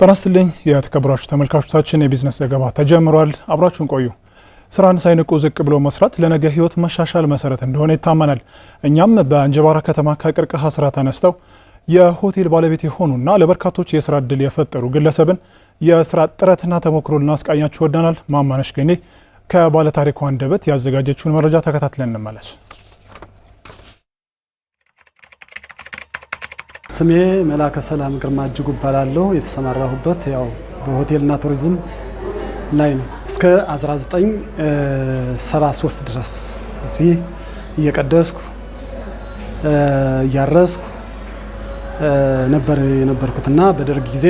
ጤና ይስጥልኝ የተከበራችሁ ተመልካቾቻችን፣ የቢዝነስ ዘገባ ተጀምሯል። አብራችሁን ቆዩ። ስራን ሳይንቁ ዝቅ ብሎ መስራት ለነገ ህይወት መሻሻል መሰረት እንደሆነ ይታመናል። እኛም በእንጀባራ ከተማ ከቅርቅሃ ስራ ተነስተው የሆቴል ባለቤት የሆኑና ለበርካቶች የስራ እድል የፈጠሩ ግለሰብን የስራ ጥረትና ተሞክሮ ልናስቃኛችሁ ወደናል። ማማነሽ ገኔ ከባለታሪኩ አንደበት ያዘጋጀችውን መረጃ ተከታትለን እንመለስ። ስሜ መላከ ሰላም ግርማ እጅጉ እባላለሁ። የተሰማራሁበት ያው በሆቴልና ቱሪዝም ላይ ነው። እስከ 1973 ድረስ እዚህ እየቀደስኩ እያረስኩ ነበር የነበርኩትና በደርግ ጊዜ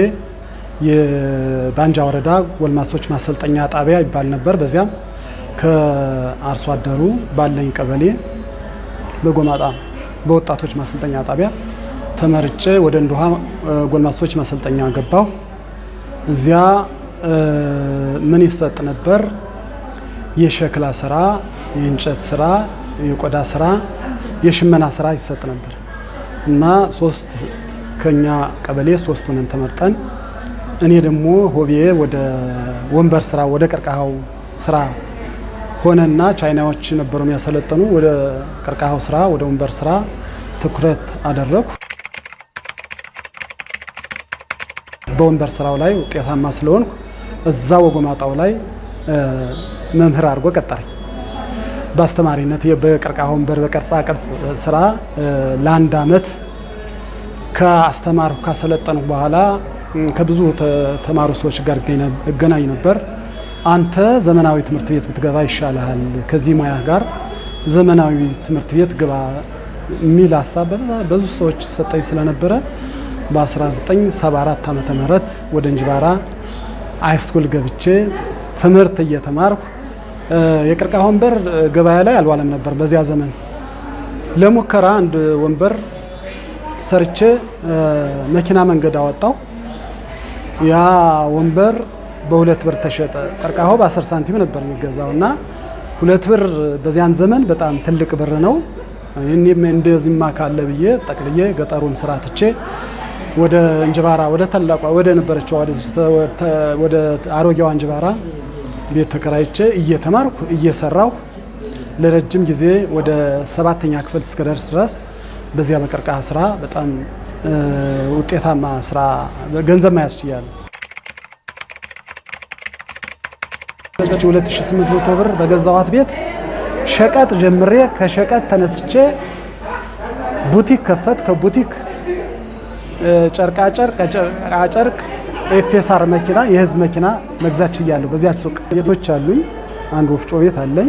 የባንጃ ወረዳ ጎልማሶች ማሰልጠኛ ጣቢያ ይባል ነበር። በዚያም ከአርሶ አደሩ ባለኝ ቀበሌ በጎማጣ በወጣቶች ማሰልጠኛ ጣቢያ ተመርጬ ወደ እንድሃ ጎልማሶች ማሰልጠኛ ገባሁ። እዚያ ምን ይሰጥ ነበር? የሸክላ ስራ፣ የእንጨት ስራ፣ የቆዳ ስራ፣ የሽመና ስራ ይሰጥ ነበር እና ሶስት ከኛ ቀበሌ ሶስት ሆነን ተመርጠን እኔ ደግሞ ሆቤ ወደ ወንበር ስራ ወደ ቀርቀሃው ስራ ሆነና ቻይናዎች ነበሩ የሚያሰለጥኑ። ወደ ቀርቀሃው ስራ ወደ ወንበር ስራ ትኩረት አደረኩ። በወንበር ስራው ላይ ውጤታማ ስለሆንኩ እዛ ወጎማጣው ላይ መምህር አድርጎ ቀጠረኝ። በአስተማሪነት በቀርቃ ወንበር በቅርጻ ቅርጽ ስራ ለአንድ አመት ከአስተማርኩ ካሰለጠንኩ በኋላ ከብዙ ተማሩ ሰዎች ጋር እገናኝ ነበር። አንተ ዘመናዊ ትምህርት ቤት ብትገባ ይሻልሃል፣ ከዚህ ሙያ ጋር ዘመናዊ ትምህርት ቤት ግባ የሚል ሀሳብ በብዙ ሰዎች ሰጠኝ ስለነበረ በ1974 ዓመተ ምህረት ወደ እንጅባራ ሃይስኩል ገብቼ ትምህርት እየተማርኩ የቅርቃ ወንበር ገበያ ላይ አልዋለም ነበር። በዚያ ዘመን ለሙከራ አንድ ወንበር ሰርቼ መኪና መንገድ አወጣው። ያ ወንበር በሁለት ብር ተሸጠ። ቀርቃሃው በ10 ሳንቲም ነበር የሚገዛው እና ሁለት ብር በዚያን ዘመን በጣም ትልቅ ብር ነው። እኔም እንደዚህማ ካለ ብዬ ጠቅልዬ ገጠሩን ስራ ትቼ ወደ እንጅባራ ወደ ተላቋ ወደ ነበረችው ወደ አሮጌዋ እንጅባራ ቤት ተከራይቼ እየተማርኩ እየሰራሁ ለረጅም ጊዜ ወደ ሰባተኛ ክፍል እስከደርስ ድረስ በዚያ በቀርቃሃ ስራ በጣም ውጤታማ ስራ ገንዘብ ማያዝ ችያለሁ። 2800 ብር በገዛዋት ቤት ሸቀጥ ጀምሬ ከሸቀጥ ተነስቼ ቡቲክ ከፈት ከቡቲክ ጨርቃጨርቅ፣ ኤፌሳር መኪና፣ የህዝብ መኪና መግዛት ችያለሁ። በዚያ ሱቅ ቤቶች አሉኝ። አንድ ወፍጮ ቤት አለኝ።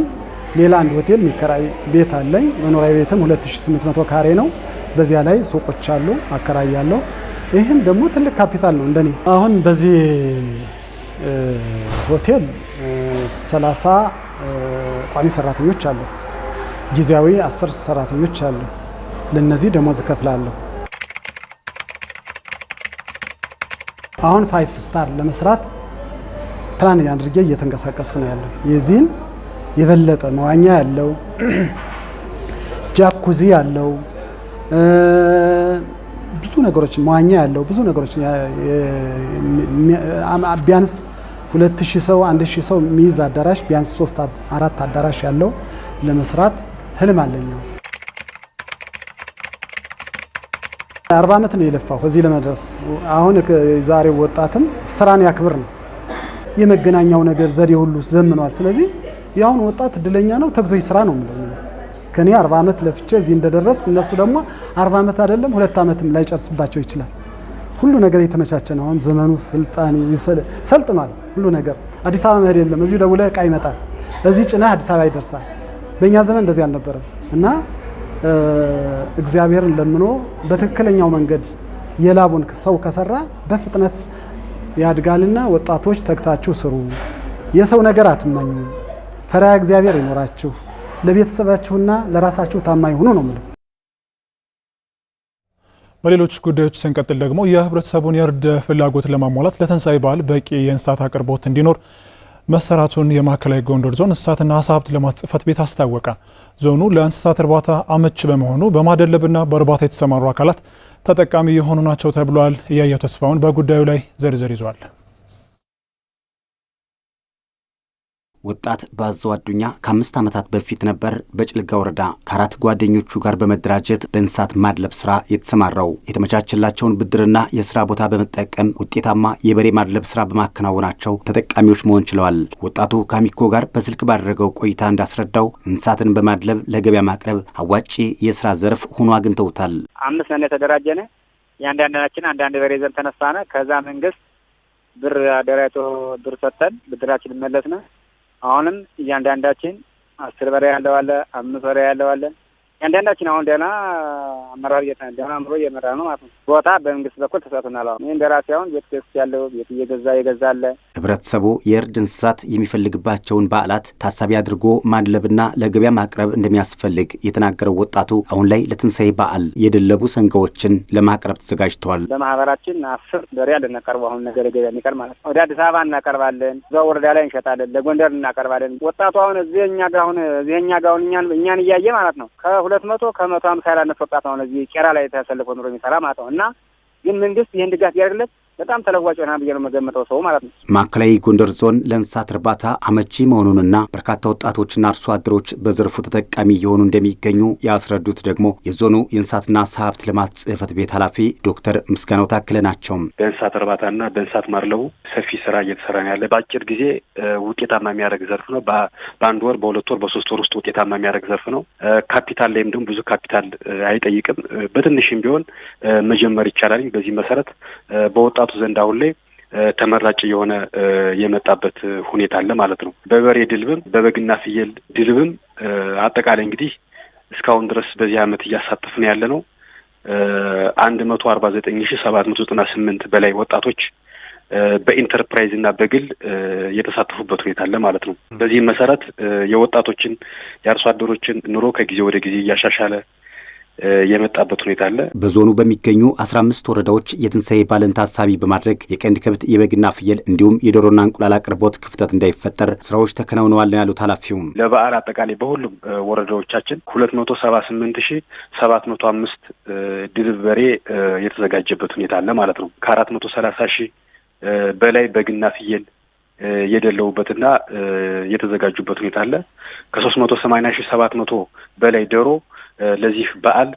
ሌላ አንድ ሆቴል የሚከራይ ቤት አለኝ። መኖሪያ ቤትም 2800 ካሬ ነው። በዚያ ላይ ሱቆች አሉ፣ አከራያለሁ። ይህም ደግሞ ትልቅ ካፒታል ነው እንደኔ። አሁን በዚህ ሆቴል 30 ቋሚ ሰራተኞች አሉ፣ ጊዜያዊ 10 ሰራተኞች አሉ። ለነዚህ ደሞዝ እከፍላለሁ። አሁን ፋይፍ ስታር ለመስራት ፕላን አድርጌ እየተንቀሳቀስኩ ነው ያለው። የዚህን የበለጠ መዋኛ ያለው ጃኩዚ ያለው ብዙ ነገሮች መዋኛ ያለው ብዙ ነገሮች ቢያንስ ሁለት ሺ ሰው አንድ ሺ ሰው የሚይዝ አዳራሽ ቢያንስ ሶስት አራት አዳራሽ ያለው ለመስራት ህልም አለኛው። አርባ ዓመት ነው የለፋው እዚህ ለመድረስ። አሁን ዛሬው ወጣትም ስራን ያክብር ነው የመገናኛው ነገር ዘዴ ሁሉ ዘምኗል። ስለዚህ የአሁኑ ወጣት እድለኛ ነው፣ ተግቶ ስራ ነው የምለው። ከኔ አርባ ዓመት ለፍቼ እዚህ እንደደረስኩ እነሱ ደግሞ አርባ ዓመት አይደለም ሁለት ዓመትም ላይጨርስባቸው ይችላል። ሁሉ ነገር የተመቻቸ ነው። አሁን ዘመኑ ስልጣን ሰልጥኗል። ሁሉ ነገር አዲስ አበባ መሄድ የለም። እዚሁ ደውለህ እቃ ይመጣል፣ እዚህ ጭነህ አዲስ አበባ ይደርሳል። በእኛ ዘመን እንደዚህ አልነበረም እና እግዚአብሔርን ለምኖ በትክክለኛው መንገድ የላቡን ሰው ከሰራ በፍጥነት ያድጋልና ወጣቶች ተግታችሁ ስሩ። የሰው ነገር አትመኙ፣ ፈሪሃ እግዚአብሔር ይኖራችሁ፣ ለቤተሰባችሁና ለራሳችሁ ታማኝ ሁኑ ነው የምለው። በሌሎች ጉዳዮች ስንቀጥል ደግሞ የህብረተሰቡን የእርድ ፍላጎት ለማሟላት ለትንሳኤ በዓል በቂ የእንስሳት አቅርቦት እንዲኖር መሰራቱን የማዕከላዊ ጎንደር ዞን እንስሳትና አሳ ሀብት ልማት ጽሕፈት ቤት አስታወቀ። ዞኑ ለእንስሳት እርባታ አመች በመሆኑ በማደለብና በእርባታ የተሰማሩ አካላት ተጠቃሚ የሆኑ ናቸው ተብሏል። እያየው ተስፋውን በጉዳዩ ላይ ዝርዝር ይዟል። ወጣት ባዘው አዱኛ ከአምስት ዓመታት በፊት ነበር በጭልጋ ወረዳ ከአራት ጓደኞቹ ጋር በመደራጀት በእንስሳት ማድለብ ስራ የተሰማራው። የተመቻቸላቸውን ብድርና የስራ ቦታ በመጠቀም ውጤታማ የበሬ ማድለብ ስራ በማከናወናቸው ተጠቃሚዎች መሆን ችለዋል። ወጣቱ ከአሚኮ ጋር በስልክ ባደረገው ቆይታ እንዳስረዳው እንስሳትን በማድለብ ለገበያ ማቅረብ አዋጪ የስራ ዘርፍ ሆኖ አግኝተውታል። አምስት ነን የተደራጀነ የአንዳንዳችን አንዳንድ በሬ ዘን ተነሳነ። ከዛ መንግስት ብር አደራጅቶ ብር ሰጠን፣ ብድራችን ነው አሁንም እያንዳንዳችን አስር በሬ ያለው አለ፣ አምስት በሬ ያለው አለ አንዳንዳችን አሁን ደህና አመራር ደህና አምሮ እየመራ ነው ማለት ነው። ቦታ በመንግስት በኩል ተሰጥቶናል። አሁን ይህን ደራሲ አሁን ቤት ገስ ያለው ቤት እየገዛ የገዛ አለ። ህብረተሰቡ የእርድ እንስሳት የሚፈልግባቸውን በዓላት ታሳቢ አድርጎ ማድለብና ለገበያ ማቅረብ እንደሚያስፈልግ የተናገረው ወጣቱ አሁን ላይ ለትንሣኤ በዓል የደለቡ ሰንጋዎችን ለማቅረብ ተዘጋጅተዋል። በማህበራችን አስር በሬ አለ አሁን ነገር ገበያ የሚቀር ማለት ነው። ወደ አዲስ አበባ እናቀርባለን፣ እዛ ወረዳ ላይ እንሸጣለን፣ ለጎንደር እናቀርባለን። ወጣቱ አሁን እዚህኛ ጋር አሁን እዚህኛ ጋር አሁን እኛን እያየ ማለት ነው ከሁለ ሁለት መቶ ከመቶ ሀምሳ ያላነሰ ወጣት ነው እዚህ ቄራ ላይ ተሰልፎ ኑሮ የሚሰራ ማለት ነው እና ግን መንግስት ይህን ድጋፍ ቢያደርግለት በጣም ተለዋጭ ሆና ብዬ ነው መገመተው ሰው ማለት ነው። ማዕከላዊ ጎንደር ዞን ለእንስሳት እርባታ አመቺ መሆኑንና በርካታ ወጣቶችና አርሶ አደሮች በዘርፉ ተጠቃሚ እየሆኑ እንደሚገኙ ያስረዱት ደግሞ የዞኑ የእንስሳትና ዓሳ ሀብት ልማት ጽህፈት ቤት ኃላፊ ዶክተር ምስጋናው ታክለ ናቸው። በእንስሳት እርባታና በእንስሳት ማርለቡ ሰፊ ስራ እየተሰራ ነው ያለ። በአጭር ጊዜ ውጤታማ የሚያደርግ ዘርፍ ነው። በአንድ ወር፣ በሁለት ወር፣ በሶስት ወር ውስጥ ውጤታማ የሚያደርግ ዘርፍ ነው። ካፒታል ላይም ደግሞ ብዙ ካፒታል አይጠይቅም። በትንሽም ቢሆን መጀመር ይቻላል። በዚህ መሰረት በወጣቱ ዘንድ አሁን ላይ ተመራጭ የሆነ የመጣበት ሁኔታ አለ ማለት ነው። በበሬ ድልብም በበግና ፍየል ድልብም አጠቃላይ እንግዲህ እስካሁን ድረስ በዚህ ዓመት እያሳተፍን ያለ ነው አንድ መቶ አርባ ዘጠኝ ሺ ሰባት መቶ ዘጠና ስምንት በላይ ወጣቶች በኢንተርፕራይዝ እና በግል የተሳተፉበት ሁኔታ አለ ማለት ነው። በዚህም መሰረት የወጣቶችን የአርሶ አደሮችን ኑሮ ከጊዜ ወደ ጊዜ እያሻሻለ የመጣበት ሁኔታ አለ። በዞኑ በሚገኙ አስራ አምስት ወረዳዎች የትንሣኤ በዓልን ታሳቢ በማድረግ የቀንድ ከብት፣ የበግና ፍየል እንዲሁም የዶሮና እንቁላል አቅርቦት ክፍተት እንዳይፈጠር ስራዎች ተከናውነዋል ነው ያሉት ኃላፊውም። ለበዓል አጠቃላይ በሁሉም ወረዳዎቻችን ሁለት መቶ ሰባ ስምንት ሺ ሰባት መቶ አምስት ድልብ በሬ የተዘጋጀበት ሁኔታ አለ ማለት ነው ከአራት መቶ ሰላሳ ሺህ በላይ በግና ፍየል ና የተዘጋጁበት ሁኔታ አለ። ከሶስት መቶ ሰማኒያ ሺህ ሰባት መቶ በላይ ዶሮ ለዚህ በዓል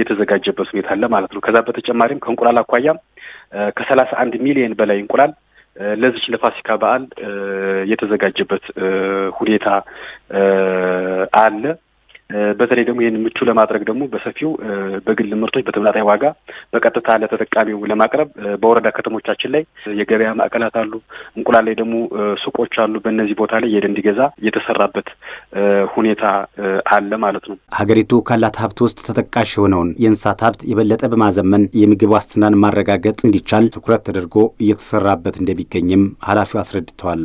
የተዘጋጀበት ሁኔታ አለ ማለት ነው። ከዛ በተጨማሪም ከእንቁላል አኳያም ከሰላሳ አንድ ሚሊየን በላይ እንቁላል ለዚች ለፋሲካ በዓል የተዘጋጀበት ሁኔታ አለ። በተለይ ደግሞ ይህን ምቹ ለማድረግ ደግሞ በሰፊው በግል ምርቶች በተመጣጣኝ ዋጋ በቀጥታ ለተጠቃሚው ለማቅረብ በወረዳ ከተሞቻችን ላይ የገበያ ማዕከላት አሉ። እንቁላል ላይ ደግሞ ሱቆች አሉ። በእነዚህ ቦታ ላይ የሄደ እንዲገዛ የተሰራበት ሁኔታ አለ ማለት ነው። ሀገሪቱ ካላት ሀብት ውስጥ ተጠቃሽ የሆነውን የእንስሳት ሀብት የበለጠ በማዘመን የምግብ ዋስትናን ማረጋገጥ እንዲቻል ትኩረት ተደርጎ እየተሰራበት እንደሚገኝም ኃላፊው አስረድተዋል።